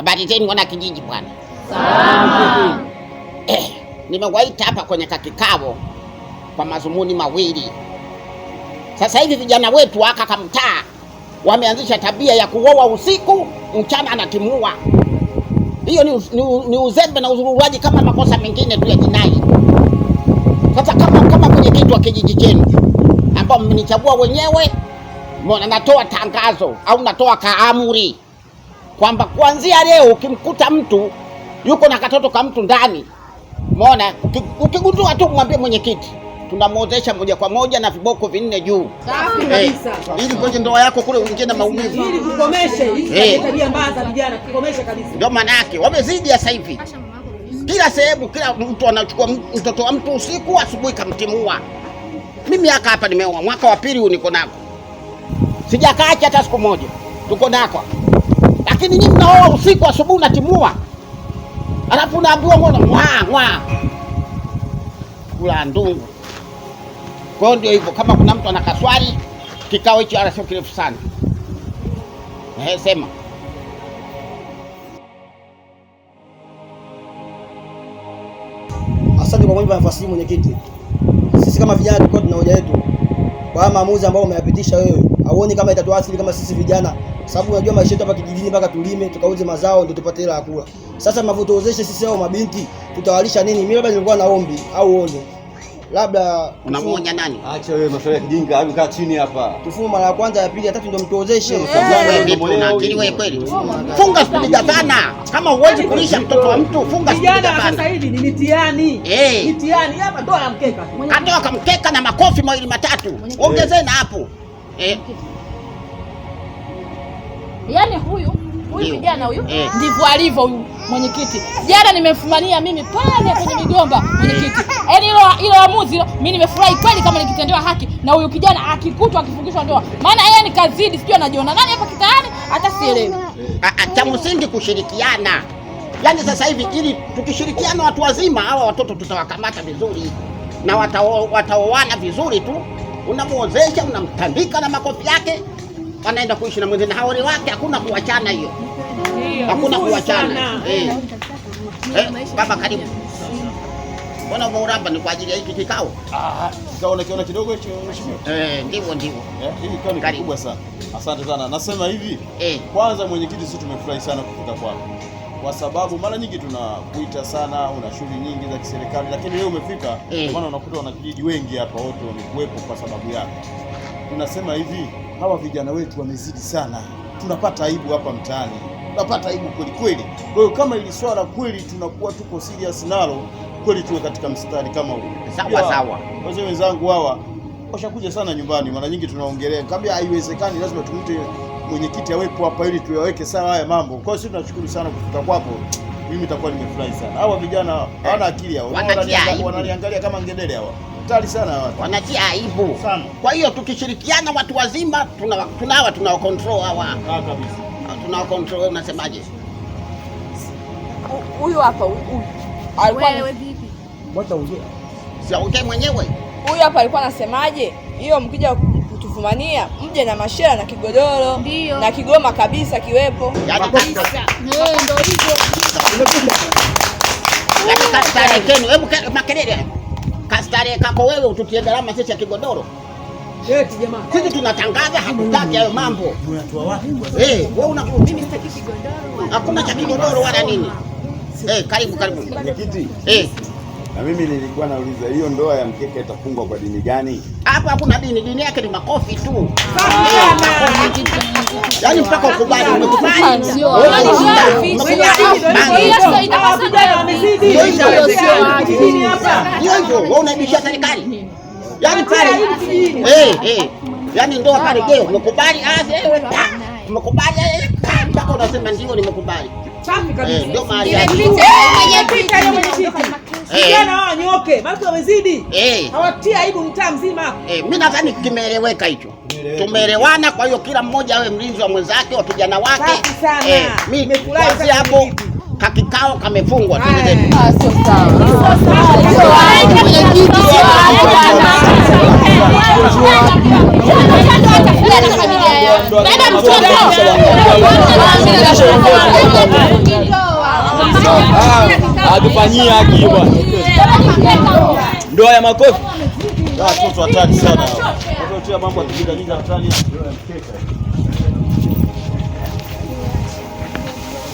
Habari zenu wana kijiji bwana. Eh, nimewaita hapa kwenye kakikao kwa mazumuni mawili. Sasa hivi vijana wetu waka kamtaa wameanzisha tabia ya kuoa usiku, mchana anatimua. Hiyo ni, ni, ni uzembe na uzururaji kama makosa mengine tu ya jinai. Sasa kama kama mwenyekiti wa kijiji chenu ambao mmenichagua wenyewe, mbona natoa tangazo au natoa kaamuri kwamba kuanzia leo ukimkuta mtu yuko na katoto ka mtu ndani, umeona, ukigundua tu mwambie mwenyekiti tunamwozesha moja kwa moja na viboko vinne juu eh, ili kwenye ndoa yako kule uingie na maumivu, ili kukomeshe hizi eh. tabia mbaya za vijana, kukomesha kabisa. Ndio maana yake wamezidi sasa hivi, kila sehemu, kila mtu anachukua mtoto wa mtu usiku, asubuhi kamtimua. Mimi haka hapa nimeoa mwaka wa pili huu, niko nako, sijakaacha hata siku moja, tuko nako lakini nyinyi mnaoa usiku, asubuhi unatimua, alafu unaambiwa mwa kula ndungu. Kwa hiyo ndio hivyo, kama kuna mtu ana kaswali, kikao hicho ala sio kirefu sana. Ehe, sema asante kwa kunipa nafasi hii mwenyekiti. Sisi kama vijana tulikuwa tuna hoja yetu kwa maamuzi ambayo umeyapitisha wewe, hauoni kama itatuathiri kama sisi vijana sababu unajua maisha yetu hapa kijijini, mpaka tulime tukauze mazao ndio tupate hela ya kula. Sasa mnavyotuozesha sisi hao mabinti, tutawalisha nini? Mimi labda nilikuwa na ombi au onyo labda unamwonya nani? Acha wewe masuala ya kijinga, hebu kaa chini hapa, tufume mara ya kwanza, ya pili, ya tatu, ndio mtuozeshe. Unaakili wewe kweli? Funga spidi bidhaa sana, kama uwezi kulisha mtoto wa mtu, funga spidi bidhaa sana. Sasa hivi ni mitiani, eh. mitiani hapa ndo anamkeka, katoa kamkeka na makofi mawili matatu, ongezeni hapo eh. Yaani huyu huyu kijana huyu eh, ndivyo alivyo huyu mwenyekiti. Jana nimemfumania mimi pale kwenye migomba eh. mwenyekiti, yaani hilo amuzi mimi nimefurahi kweli, kama nikitendewa haki na huyu kijana akikutwa akifungishwa ndoa, maana yeye ni kazidi, sijui anajiona nani hapa kitaani, hata sielewi. Cha msingi kushirikiana, yaani sasa hivi ili tukishirikiana watu wazima hawa watoto tutawakamata vizuri na wataoana vizuri tu, unamwozesha unamtandika na makofi yake wanaenda kuishi na na haori wake hakuna kuachana hiyo, hakuna kuachana eh. Eh, baba karibu. Mbona hapa? Ni kwa ajili ya hiki kikao? Ah, kikao kiona kidogo hicho mheshimiwa. Eh, ndivyo ndivyo. Eh, hii kikao ni kubwa sana. Asante sana. Nasema hivi. Eh. Kwanza mwenyekiti, sisi tumefurahi sana kufika kwako. Kwa sababu mara nyingi tunakuita sana, una shughuli nyingi za kiserikali, lakini leo umefika kwa eh. Maana unakuta wanakijiji wengi hapa wote wamekuwepo kwa sababu yako. Tunasema hivi, hawa vijana wetu wamezidi sana, tunapata aibu hapa mtaani, tunapata aibu kweli kweli. Kwa hiyo kama ili swala kweli tunakuwa tuko serious nalo kweli, tuwe katika mstari kama huu. Sawa sawa, wazee wenzangu hawa washakuja sana nyumbani, mara nyingi tunaongelea, kambia, haiwezekani, lazima tumute mwenyekiti awepo hapa ili tuyaweke sawa haya mambo. Kwa hiyo sisi tunashukuru sana kufika kwako mimi nitakuwa nimefurahi sana. Hawa vijana hawana akili, hao wanaliangalia kama ngedere hawa hatari sana watu. Wanatia aibu sana. Kwa hiyo tukishirikiana watu wazima tuna tunawa tunao control hawa. Ah, kabisa. Ah, tunao control unasemaje? Huyu hapa huyu. wewe vipi? Mbona ongea. Si ongea mwenyewe. Huyu hapa alikuwa anasemaje? Hiyo mkija kutufumania mje na mashera na kigodoro Dio. na kigoma kabisa kiwepo. Yaani kabisa. Ndio hivyo. Yaani hebu makelele starehe kako wewe, ututie gharama sisi ya kigodoro eti jamaa. Sisi tunatangaza hatutaki hayo mambo. Unatoa wapi kwanza? Eh, wewe una mimi sitaki kigodoro. Hakuna cha kigodoro wala nini. Eh, karibu karibu. Mwenyekiti. Eh. Na mimi nilikuwa nauliza hiyo ndoa ya mkeka itafungwa kwa dini gani? Hapa hakuna dini, dini yake ni makofi tu. Yaani mpaka ukubali wewe unaibishia serikali. Yaani pale eh eh. Yaani ndoa pale je, umekubali? Ah, umekubali. Mpaka unasema ndio nimekubali nyoke basi wamezidi, hawatia aibu mtaa mzima. Mimi nadhani kimeeleweka hicho, tumeelewana. Kwa hiyo kila mmoja awe mlinzi wa mwenzake wa kijana wake. Mimi kwanza hapo kakikao kamefungwa. atufanyia haki bwana. Ndio haya makofi. Watoto hatari sana. Watoto mambo ya kijinga hatari.